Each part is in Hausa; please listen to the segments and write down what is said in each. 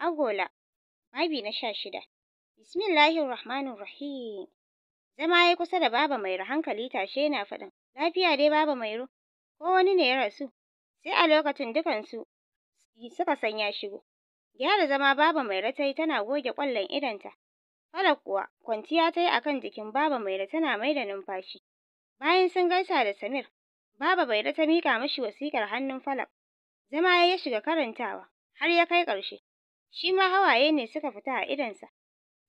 Agola Mabi na sha shida Bismillahir Rahmanir Rahim Zama yayi kusa da Baba mai hankali tashe yana faɗin lafiya dai Baba Mairo ko wani ne ya rasu sai a lokacin dukansu suka sanya ya shigo gyara zama Baba ta yi tana goge ƙwallon idonta Fara kuwa kwanciya tayi kan jikin Baba Mairo tana da numfashi bayan sun gaisa da Samir Baba Mairo ta mika mashi wasikar hannun Falak zama ya shiga karantawa har ya kai ƙarshe shi ma hawaye ne suka fita a idonsa.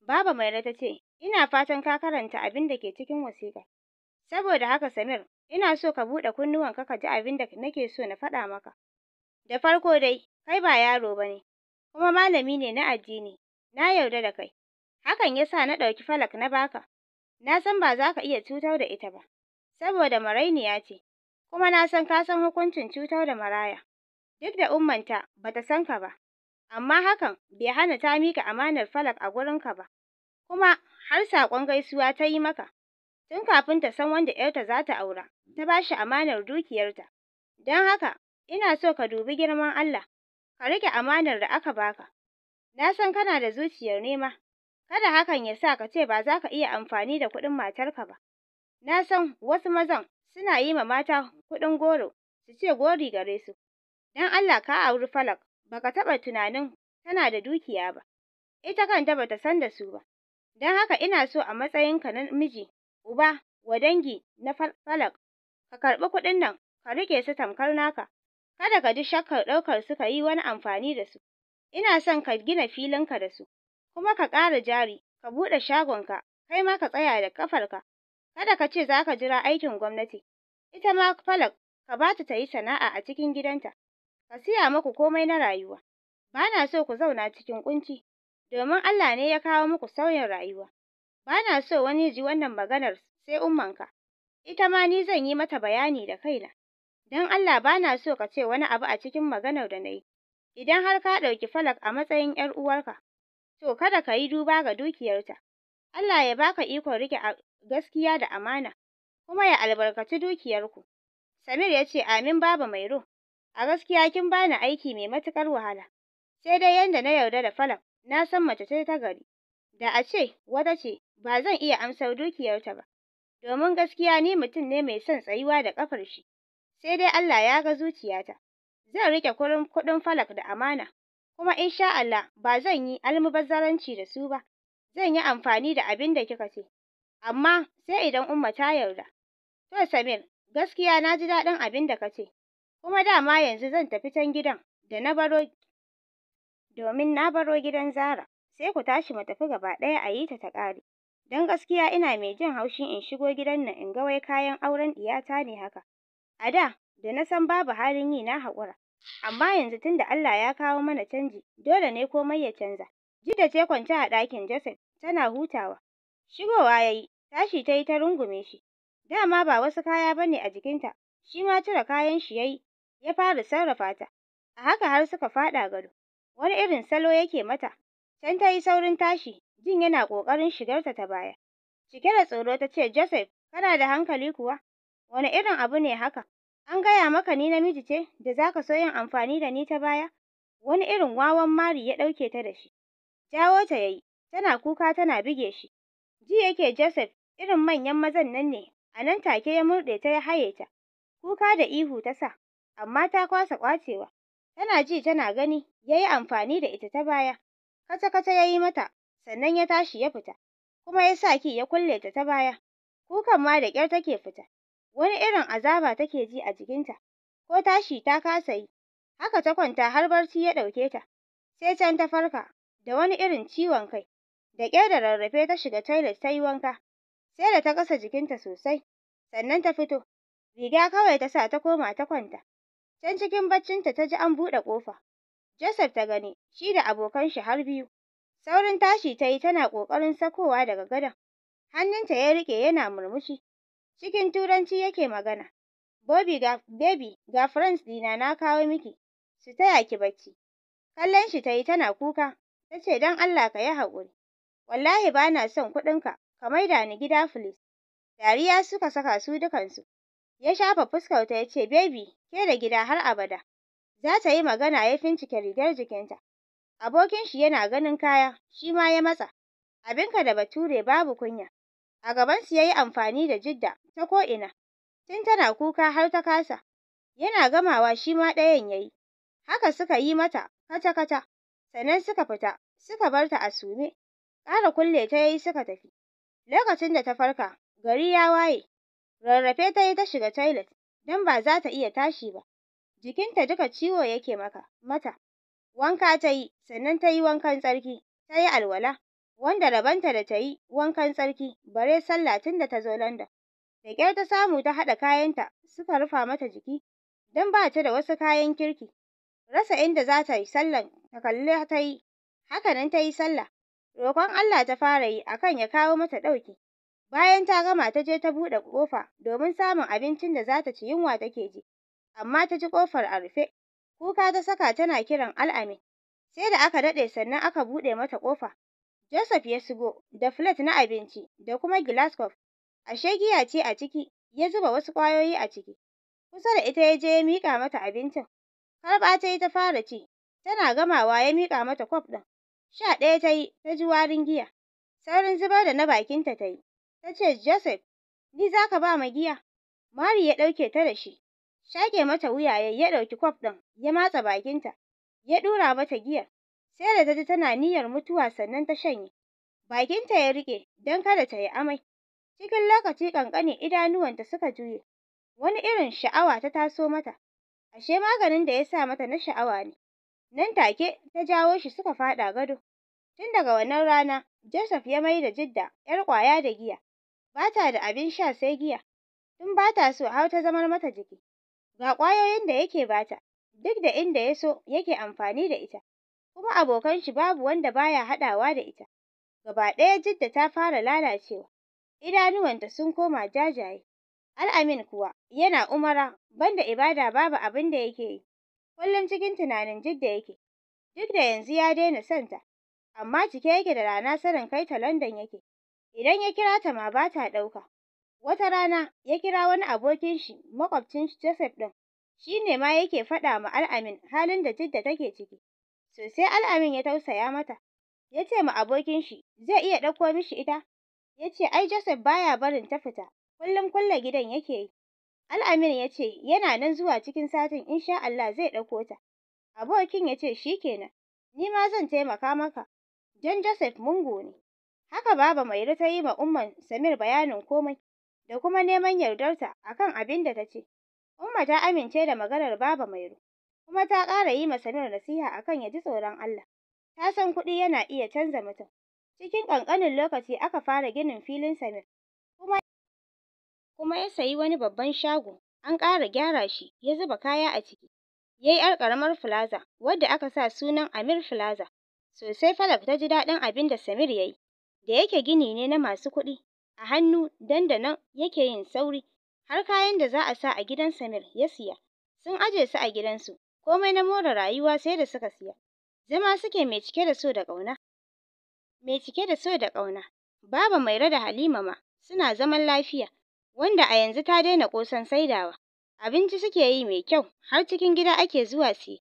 Baba Maira ta ce, Ina fatan ka karanta abin da ke cikin wasiƙar. Saboda haka Samir, ina so ka buɗe kunnuwanka ka ji abin da nake so na faɗa maka. Da farko dai, kai ba yaro ba ne, kuma malami ne na addini, na yarda da kai. Hakan ya sa na ɗauki falak na baka. Na san ba za ka iya cutar da ita ba, saboda marainiya ce, kuma na san ka san hukuncin cutar da maraya. Duk da ummanta ba ta san ka ba, amma hakan bai hana ta mika amanar Falak a gurin ka ba kuma har sakon gaisuwa ta yi maka tun kafin ta san wanda ‘yarta za ta aura ta ba shi amanar dukiyarta don haka ina so ka dubi girman Allah ka rike amanar da aka baka na san kana da zuciyar nema kada hakan ya sa ka ce ba za ka iya amfani da kuɗin matarka ba na san wasu mazan suna yi ma mata kuɗin goro su ce gori gare su don Allah ka auri Falak baka taɓa tunanin tana da dukiya ba ita kanta bata san da su ba dan haka ina so a matsayinka na miji uba wa dangi na falak ka karɓi kuɗin nan ka riƙe su tamkar naka kada ka ji shakkar ɗaukar su ka yi wani amfani da su ina son ka gina filin ka da su kuma ka ƙara jari ka buɗe ka kai ma ka tsaya da ƙafarka kada ka ce zaka jira aikin gwamnati ita ma falak ka ba ta ta sana'a a cikin gidanta ka siya muku komai na rayuwa bana so ku zauna cikin kunci domin Allah ne ya kawo muku sauyin rayuwa bana so wani ji wannan maganar sai ummanka ita ma ni zan yi mata bayani da kaina dan Allah bana so ka ce wani abu a cikin maganar da nayi idan har ka dauki Falak a matsayin yar uwarka to kada ka yi duba ga dukiyarta Allah ya baka ikon rike a gaskiya da amana kuma ya albarkaci dukiyarku Samir ya ce amin baba Mairo A gaskiya kin bani aiki mai matuƙar wahala, sai dai yanda na yarda da Falak na san mace ce ta gari, da a ce wata ce ba zan iya amsar dukiyarta ba, domin gaskiya ni mutum ne mai son tsayuwa da ƙafar shi, sai dai Allah ya ga zuciyata. Zan riƙe kuɗin Falak da amana, kuma in sha Allah ba zan yi almubazzaranci da su ba. Zan yi amfani da abin da kika ce, amma sai idan Umma ta yarda. To Samir, gaskiya na ji daɗin abin da ka ce, kuma dama yanzu zan tafi can gidan da na baro domin na baro gidan Zara sai ku tashi mu tafi gaba ɗaya a yi ta ta ƙare dan gaskiya ina mai jin haushi in shigo gidan nan in ga wai kayan auren iyata ne haka a da da na san babu halin yi na haƙura amma yanzu tunda Allah ya kawo mana canji dole ne komai ya canza Jidda ce kwance a ɗakin Joseph tana hutawa shigowa yayi tashi ta yi ta rungume shi dama ba wasu kaya bane a jikinta shi ma cire kayan shi yayi ya fara sarrafa ta a haka har suka faɗa gado wani irin salo yake mata can ta yi saurin tashi jin yana ƙoƙarin shigarta ta baya cike da tsoro ta ce Joseph kana da hankali kuwa wani irin abu ne haka an gaya maka ni namiji ce da zaka so yin amfani da ni ta baya wani irin wawan mari ya ɗauke ta da shi jawo ta yayi tana kuka tana bige shi ji yake Joseph irin manyan mazan nan ne a nan take ya murɗe ta ya haye ta kuka da ihu ta sa amma ta kwasa kwacewa. Tana ji tana gani yayi amfani da ita ta baya. Kaca-kaca yayi mata sannan ya tashi ya fita kuma ya sa ki ya kulle ta ta baya. Kukan ma da kyar take fita. Wani irin azaba take ji a jikinta ko tashi ta kasa yi. Haka ta kwanta har barci ya ɗauke ta. Sai can ta farka da wani irin ciwon kai. Da kyar da rarrafe ta shiga toilet ta yi wanka. Sai da ta kasa jikinta sosai sannan ta fito. Riga kawai ta sa ta koma ta kwanta. Can cikin baccinta ta ji an buɗe ƙofa. Joseph ta gani, shi da abokan shi har biyu. Saurin tashi ta yi tana ƙoƙarin sakowa daga gadon. Hannunta ya rike yana murmushi. Cikin Turanci yake magana. Bobby ga baby ga friends dina na kawo miki. Su taya ki bacci. Kallon shi ta yi tana kuka. Ta ce don Allah ka yi haƙuri. Wallahi ba na son kuɗinka. Ka maida ni gida please. Dariya suka saka su dukansu. ya shafa fuskar ta ce, baby ke da gida har abada za ta yi magana ya fincike rigar jikinta abokin shi yana ganin kaya shi ma ya matsa abinka da bature babu kunya a gabansu su yayi amfani da jidda ta ko'ina. ina tun tana kuka har ta kasa yana gamawa shi ma ɗayan yayi haka suka yi mata kata kata sannan suka fita suka bar ta a sume ƙara kulle ta yayi suka tafi lokacin da ta farka gari ya waye Rarrafe ta yi ta shiga toilet don ba za ta iya tashi ba. Jikinta duka ciwo yake maka mata. Wanka ta yi, sannan ta yi wankan tsarki, ta yi alwala, wanda rabonta da ta yi wankan tsarki bare sallah tun da ta zo London. Da ƙyar ta samu ta haɗa kayanta suka rufa mata jiki don ba ta da wasu kayan kirki. Rasa inda za ta yi sallan ta kalli ta yi, haka nan ta yi sallah. Roƙon Allah ta fara yi akan ya kawo mata ɗauki. Bayan ta gama ta je ta buɗe ƙofa domin samun abincin da za ta ci yunwa take ji. Amma ta ji ƙofar a rufe. Kuka ta saka tana kiran al'ami Sai da aka daɗe sannan aka buɗe mata ƙofa. Joseph ya shigo da filet na abinci da kuma glass cup. Ashe giya ce a ciki, ya zuba wasu ƙwayoyi a ciki. Kusa da ita ya je ya miƙa mata abincin. Karɓa ta yi ta fara ci. Tana gamawa ya miƙa mata kwaf ɗin. Sha ɗaya ta yi, ta ji warin giya. Saurin zubar da na bakinta ta yi. ta ce Joseph, ni za ka ba ma giya. Mari ya ɗauke ta da shi, shaƙe mata wuya ya ɗauki kwaf ɗin ya matsa bakinta, ya ɗura mata giyar. Sai da ta ji tana niyyar mutuwa sannan ta shanye. Bakinta ya riƙe don kada ta yi amai. Cikin lokaci ƙanƙani idanuwanta suka juye. Wani irin sha'awa ta taso mata. Ashe maganin da ya sa mata na sha'awa ne. Nan take ta jawo shi suka faɗa gado. Tun daga wannan rana, Joseph ya mai da Jidda ‘yar kwaya da giya. ba ta da abin sha sai giya tun ba ta so har ta zamar mata jiki ga ƙwayoyin da yake bata duk da inda ya so yake amfani da ita kuma abokan shi babu wanda baya haɗawa da ita gaba ɗaya Jidda ta fara lalacewa idanuwanta sun koma jajaye Al'amin kuwa yana umara banda ibada babu abin da yake yi kullum cikin tunanin Jidda yake duk da yanzu ya daina son amma cike yake da rana sanin kai ta London yake Idan ya kira ta ma ba ta ɗauka. Wata rana ya kira wani abokin shi maƙwabcin Joseph ɗin, shi ne ma yake faɗa ma al'amin halin da Jidda take ciki. Sosai sai Al'amin ya tausaya mata, ya ce ma abokin shi zai iya ɗauko mishi ita, ya ce ai Joseph baya barin ta fita, kullum kulle gidan yake yi. Al'amin ya ce yana nan zuwa cikin satin in sha Allah zai ɗauko ta. Abokin ya ce shi kenan, ni ma zan taimaka maka, don Joseph mungu ne. Haka Baba Mairo ta yi ma Umman Samir bayanin komai da kuma neman yardar ta akan abin da ta ce. Umma ta amince da maganar Baba Mairo kuma ta ƙara yi ma Samir nasiha akan ya ji tsoron Allah. Ta san kuɗi yana iya canza mutum. Cikin ƙanƙanin lokaci aka fara ginin filin Samir kuma kuma ya sayi wani babban shago an ƙara gyara shi ya zuba kaya a ciki. yayi yi 'yar ƙaramar filaza wadda aka sa sunan Amir Filaza. Sosai Falak ta ji daɗin abin da Samir ya yi. da yake gini ne na masu kuɗi a hannu dandanon yake yin sauri har kayan da za a sa a gidan Samir ya siya sun aje su a gidansu komai na more rayuwa sai da suka siya zama suke mai cike da so da ƙauna mai cike da so da ƙauna baba mai rada Halima ma suna zaman lafiya wanda a yanzu ta daina ƙosan saidawa abinci suke yi mai kyau har cikin gida ake zuwa siye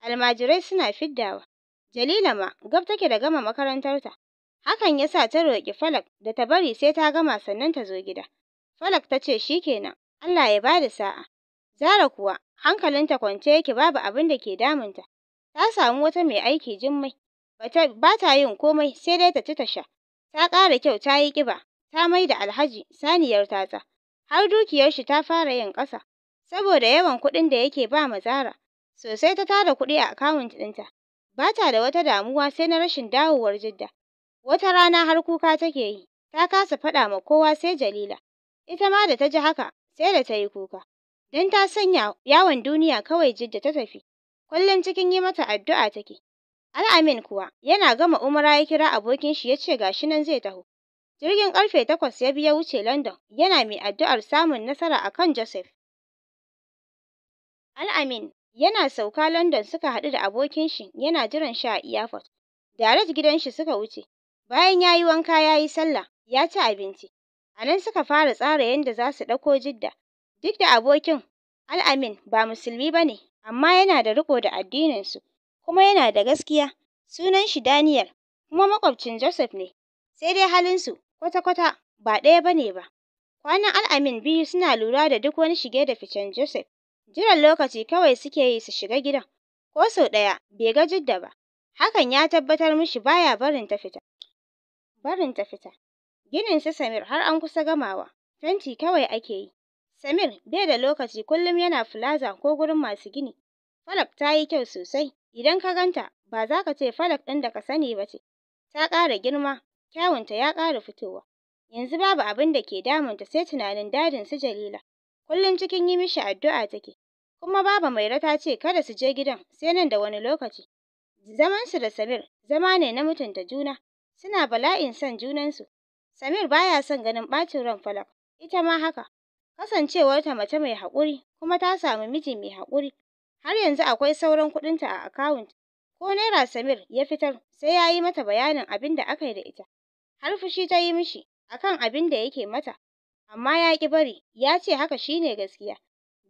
almajirai suna fiddawa Jalila ma gab take da gama makarantarta Hakan ya sa ta roƙi Falak da ta bari sai ta gama sannan ta zo gida. Falak ta ce shi kenan, Allah ya bada sa'a. Zara kuwa hankalinta kwance yake babu abin da ke damunta. Ta samu wata mai aiki jimmai, ba ta yin komai sai dai ta ci ta sha. Ta ƙara kyau ta yi ƙiba, ta mai da alhaji saniyar tatsa. Har dukiyar shi ta fara yin ƙasa, saboda yawan kuɗin da yake ba ma Zara. Sosai ta tara kuɗi a akawunt ɗinta. Ba ta da wata damuwa sai na rashin dawowar Jidda. Wata rana har kuka take yi, ta kasa faɗa ma kowa sai Jalila. Ita ma da ta ji haka, sai da tayi kuka. dan ta sanya yawon duniya kawai jidda ta tafi. Kullum cikin yi mata addu'a take. Al'amin kuwa yana gama umara ya kira abokin shi ya ce gashi nan zai taho. Jirgin karfe takwas ya biya wuce London yana mai addu'ar samun nasara akan Joseph. Al'amin yana sauka London suka haɗu da abokin shi yana jiran shi a airport. Daraj gidan shi suka wuce. Bayan ya yi wanka ya yi sallah, ya ci abinci, a nan suka fara tsara yadda za su ɗauko Jidda. Duk da abokin al ba musulmi ba ne, amma yana da riƙo da addininsu kuma yana da gaskiya. Sunan shi Daniyel kuma maƙwabcin Joseph ne, sai dai halinsu kwata-kwata ba ɗaya ba ne ba. Kwanan al biyu suna lura da duk wani shige da ficen Joseph. Jiran lokaci kawai suke yi su shiga gidan, ko sau ɗaya bai ga Jidda ba. Hakan ya tabbatar mishi ba ya barin ta fita. barin ta fita ginin su Samir har an kusa gamawa fenti kawai ake yi Samir bai da lokaci kullum yana plaza ko gurin masu gini Falak ta yi kyau sosai idan ka ganta ba za ka ce Falak ɗin da ka sani ba ce ta ƙara girma kyawunta ya ƙara fitowa yanzu babu abin da ke damunta sai tunanin dadin su Jalila kullum cikin yi mishi addu'a take kuma baba Maira ta ce kada su je gidan sai nan da wani lokaci zaman su da Samir zama ne na mutunta juna suna bala'in son junansu Samir baya son ganin ɓacin ran Falak ita ma haka Kasancewar ta mace mai haƙuri kuma ta samu miji mai haƙuri har yanzu akwai sauran kuɗinta a akawunt ko naira Samir ya fitar sai ya yi mata bayanin abin da aka yi da ita har fushi ta yi mishi akan abin da yake mata amma ya ƙi bari ya ce haka shine gaskiya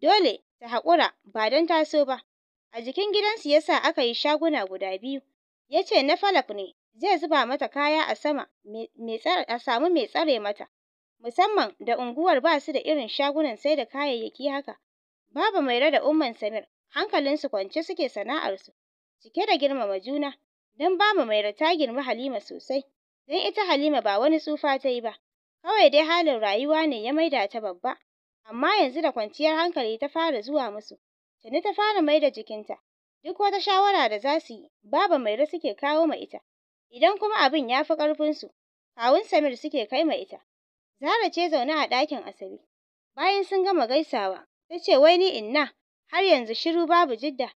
dole ta haƙura ba don taso ba a jikin gidansu ya sa aka yi shaguna guda biyu ya ce na Falak ne zai zuba mata kaya a sama a samu mai tsare mata musamman da unguwar ba su da irin shagunan sai da kayayyaki haka Babu mai da Umman Samir hankalin su kwance suke sana'ar su cike da girmama juna dan Baba mai ta girma Halima sosai don ita Halima ba wani tsufa ta yi ba kawai dai halin rayuwa ne ya maida ta babba amma yanzu da kwanciyar hankali ta fara zuwa musu tuni ta fara maida jikinta duk wata shawara da za su yi Baba Mairo suke kawo ma ita idan kuma abin ya fi ƙarfinsu kawun Samir suke kai ma ita Zara ce zaune a ɗakin asali. bayan sun gama gaisawa ta ce wai ni inna har yanzu shiru babu jidda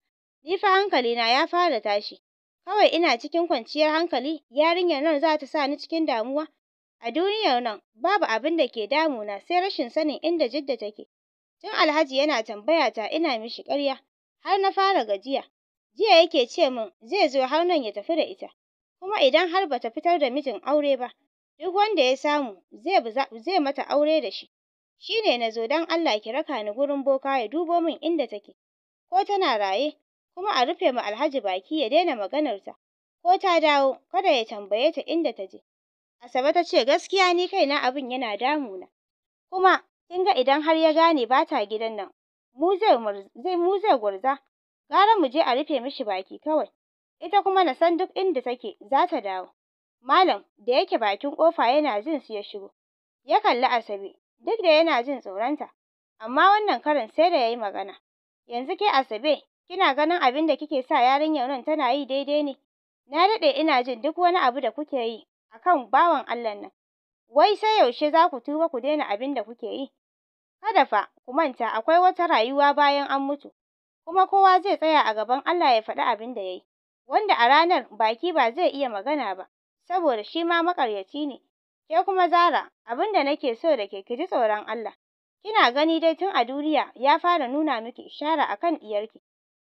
ni fa hankali na ya fara tashi kawai ina cikin kwanciyar hankali yarinyar nan za ta sa ni cikin damuwa a duniyar nan babu abin da ke damuna sai rashin sanin inda jidda take tun alhaji yana tambaya ta ina mishi karya. har na fara gajiya jiya yake ce min zai zo har nan ya tafi da ita kuma idan har bata fitar da mijin aure ba duk wanda ya samu zai mata aure da shi shine nazo dan Allah ki raka ni gurin boka ya dubo min inda take ko tana raye kuma a rufe ma Alhaji baki ya daina maganar ta ko ta dawo kada ya tambaye ta inda ta je Asabe ta ce gaskiya ni kaina abin yana damu na. kuma kin ga idan har ya gane bata gidan nan mu zai mu zai gurza gara mu je a rufe mishi baki kawai ita kuma na san duk inda take za ta dawo malam da yake bakin kofa yana jin su ya shigo ya kalli Asabe duk da yana jin tsoronta amma wannan karin sai da yayi magana yanzu ke Asabe kina ganin abin da kike sa yarinyar nan tana yi daidai ne na dade ina jin duk wani abu da kuke yi akan bawan Allah nan wai sai yaushe za ku tuba ku daina abin da kuke yi kada fa ku manta akwai wata rayuwa bayan an mutu kuma kowa zai tsaya a gaban Allah ya faɗi abin da yayi wanda a ranar baki ba zai iya magana ba saboda shi ma maƙaryaci ne. Ke kuma Zara, abin da nake so da ke ki ji tsoron Allah. Kina gani dai tun a duniya ya fara nuna miki ishara a kan iyarki.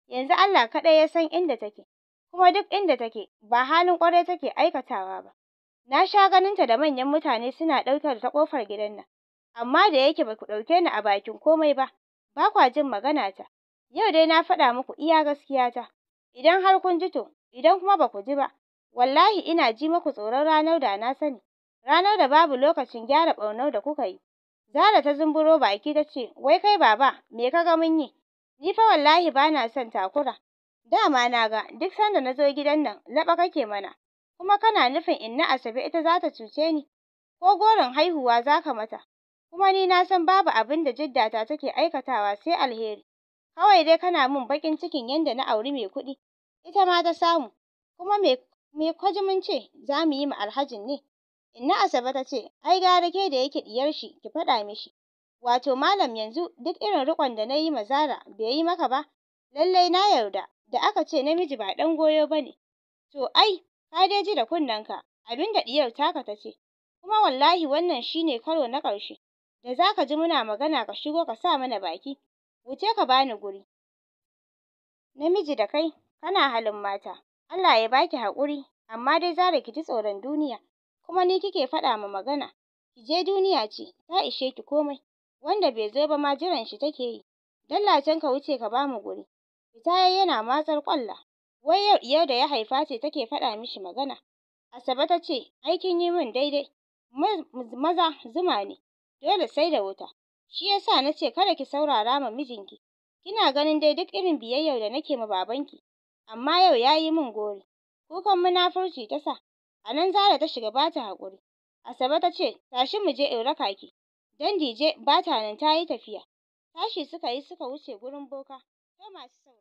Yanzu Allah kaɗai ya san inda take, kuma duk inda take ba halin ƙwarai take aikatawa ba. Na sha ganinta da manyan mutane suna ɗaukar ta ƙofar gidan nan, amma da yake ba ku ɗauke ni a bakin komai ba, ba kwa jin maganata. Yau dai na faɗa muku iya gaskiyata. idan har kun ji to idan kuma ba ku ji ba wallahi ina ji maku tsoron ranar da na sani ranar da babu lokacin gyara ɓaunar da kuka yi Zara ta zumburo baki ta ce wai kai baba me ka ga mun yi ni fa wallahi ba na son takura dama na ga duk sanda na zo gidan nan laɓa kake mana kuma kana nufin inna asabe ita za ta cuce ni ko goron haihuwa za ka mata kuma ni na san babu abin da jiddata take aikatawa sai alheri Kawai dai kana min bakin cikin yanda na auri mai kuɗi ita ma ta samu. Kuma me me kwaji mun ce za mu yi ma Alhajin ne? Inna Asabe ta ce ai gara ke da yake diyar shi ki faɗa mishi. Wato malam yanzu duk irin riƙon da na yi ma Zara bai yi maka ba? Lallai na yarda da aka ce namiji ba ɗan goyo ba ne. To ai ka dai ji da kunnenka da diyar taka ta ce. Kuma wallahi wannan shine ne karo na ƙarshe da za ka ji muna magana ka shigo ka sa mana baki. wuce ka bani guri namiji da kai kana halin mata Allah ya baki haƙuri amma dai Zara ki ji tsoron duniya kuma ni kike faɗa ma magana ki je duniya ce ta ishe ki komai wanda bai zo ba ma jiran shi take yi dallacen ka wuce ka bamu guri fita yayi yana matsar kwalla wai yau da ya haifa ce take faɗa mishi magana Asabe ta ce aikin yi min daidai maza zuma ne dole sai da wuta shi yasa nace kada ki saurara ma mijinki kina ganin dai duk irin biyayyar da nake ma babanki amma yau yayi min gori kukan munafurci tasa. sa anan Zara ta shiga bata hakuri Asabe ta ce tashi mu je in raka ki dan dije bata nan tayi tafiya tashi suka yi suka wuce gurin boka sai masu sauraro